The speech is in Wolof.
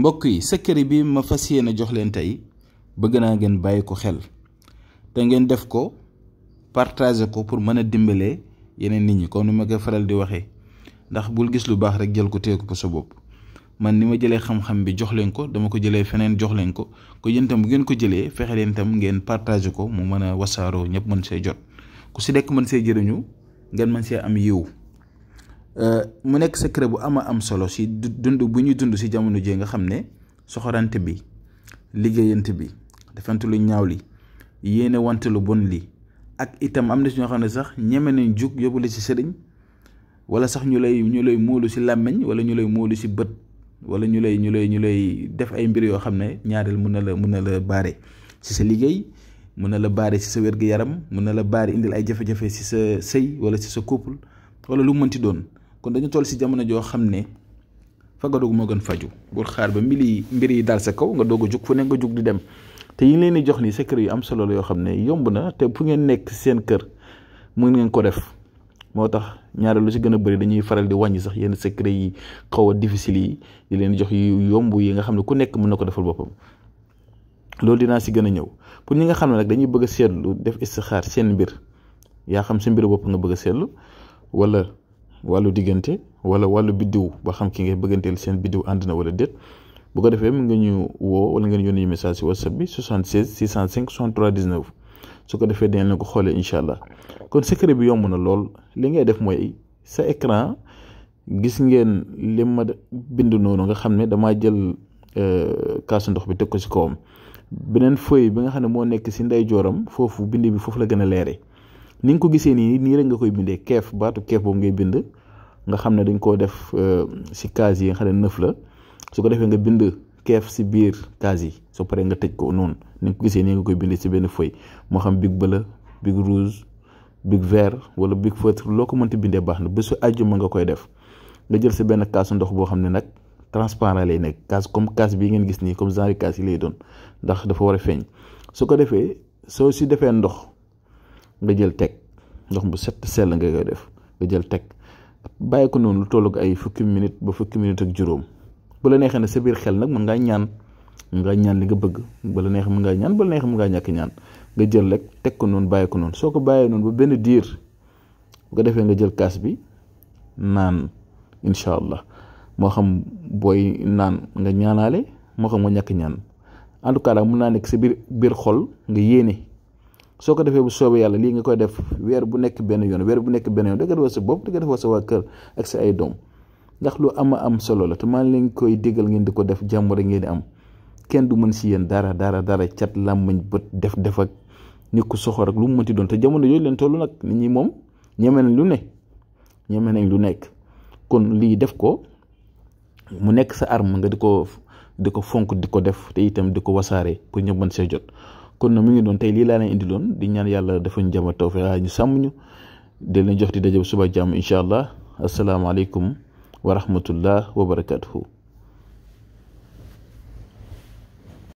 mbokk yi secret bi ma fas yéene jox leen tey bëgg naa ngeen bàyyi ko xel te ngeen def ko partager ko pour mën a dimbalee yeneen nit ñi kon ni ma koy faral di waxee ndax bul gis lu baax rek jël ko téeku ko sa bopp man ni ma jëlee xam-xam bi jox leen ko dama ko jëlee feneen jox leen ko ko yéen bu ngeen ko jëlee fexe leen tam ngeen partager ko mu mën a wasaaroo ñëpp mën see jot ku si dekk mën see jëriñu ngeen mën see am yiw Euh, mu nekk secret bu ama am solo si dund bu ñu dund si jamono jii nga xam ne soxorante bi liggéeyante bi defante lu ñaaw li yéene wante lu bon li ak itam am na si ñoo xam ne sax ñeme nañ jug yóbbu la si sëriñ wala sax ñu lay ñu lay móolu si làmmiñ wala ñu lay móolu si bët wala ñu lay ñu lay ñu lay def ay mbir yoo xam ne ñaareel mun na la mun na la baare si sa liggéey mun na la baare si sa wér-gu-yaram mun na la baare indil ay jafe-jafe si sa sëy wala si sa couple wala lu doon kon dañu toll si jamono joo xam ne fagaru moo gën faju bul xaar ba mbir yi mbir yi daal sa kaw nga doog a jug fu nekk nga jug di dem te yi leen di jox nii secret yu am solo la yoo xam ne yomb na te fu ngeen nekk seen kër mën ngeen ko def moo tax ñaare lu si gën a bëri dañuy faral di wàññi sax yenn secret yi xaw a difficile di leen jox yomb yi nga xam ne ku nekk mën na ko defal boppam loolu dinaa si gën a ñëw pour ñi nga xam ne nag dañuy bëgg a seetlu def istixaar seen mbir yaa xam sa mbir bopp nga bëgg a seetlu wala wàllu diggante wala wàllu biddiw ba xam ki ngay bëgganteel seen biddiw ànd na wala déet bu ko defee mën nga ñu woo wala ngeen yoon yu message si whatsapp bi 76 605 63 19 su ko defee dinañ la ko xoolee incha allah kon secret bi yomb na lool li ngay def mooy sa écran gis ngeen li ma bind noonu nga xam ne damaa jël euh, kaasu ndox bi teg ko si kawam beneen feuille bi nga xam ne moo nekk si ndeyjooram foofu bind bi foofu la gën a leere ni nga ko gisee nii nii rek nga koy bindee keef baatu keef boobu ngay bind nga xam ne dañ koo def euh, si case yi nga xam ne neuf la su ko defee nga bind keef si biir case yi soo paree nga tëj ko noonu ni ko gisee nii nga koy bindee si benn feuille moo xam big bleu big rouge big vert wala big feutre loo ko mënti bindee baax na bésu àjjuma nga koy def nga jël sa benn kaasu ndox boo xam ne nag transparent lay nekk kaas comme kaas bii ngeen gis nii comme genre kaas yi lay doon ndax dafa war a feeñ su ko defee soo si defee ndox. nga jël teg ndox bu set sell nga koy def nga jël teg bàyyi ko noonu lu tollu ay fukki minit ba fukki minit ak juróom bu la neexee ne sa biir xel nag mën ngaa ñaan mun ngaa ñaan li nga bëgg ba la neex mën ngaa ñaan ba la neex ngaa ñàkk ñaan nga jël rek teg ko noonu bàyyi ko soo ko bàyyee noonu ba benn diir bu ko defee nga jël kaas bi naan incha allah moo xam booy naan nga ñaanaale moo xam nga ñàkk ñaan en tout cas mun naa nekk sa biir biir xol nga yéene. soo ko defee bu soobee yàlla lii nga koy def weer bu nekk benn yoon weer bu nekk benn yoon da nga defal sa bopp da defal sa waa kër ak sa ay doom ndax lu ama am solo la te maa ngi leen koy déggal ngeen di ko def jàmm rek ngeen am kenn du mën si yéen dara dara dara cat làmmañ bët def def ak nit ko soxor ak lu mu mënti doon te jamono yooyu leen toll nag nit ñi moom ñeme nañ lu ne ñeme nañ lu nekk kon lii def ko mu nekk sa arm nga di ko di ko fonk di ko def te itam di ko wasaare pour ñu mën see jot. kon na mu ngi doon tey lii laa leen indi loon di ñaan yàlla dafa ñu jàmm ak ñu sàmm ñu di leen jox di daje suba jàmm incha allah asalaamaaleykum wa rahmatullah wa barakaatuhu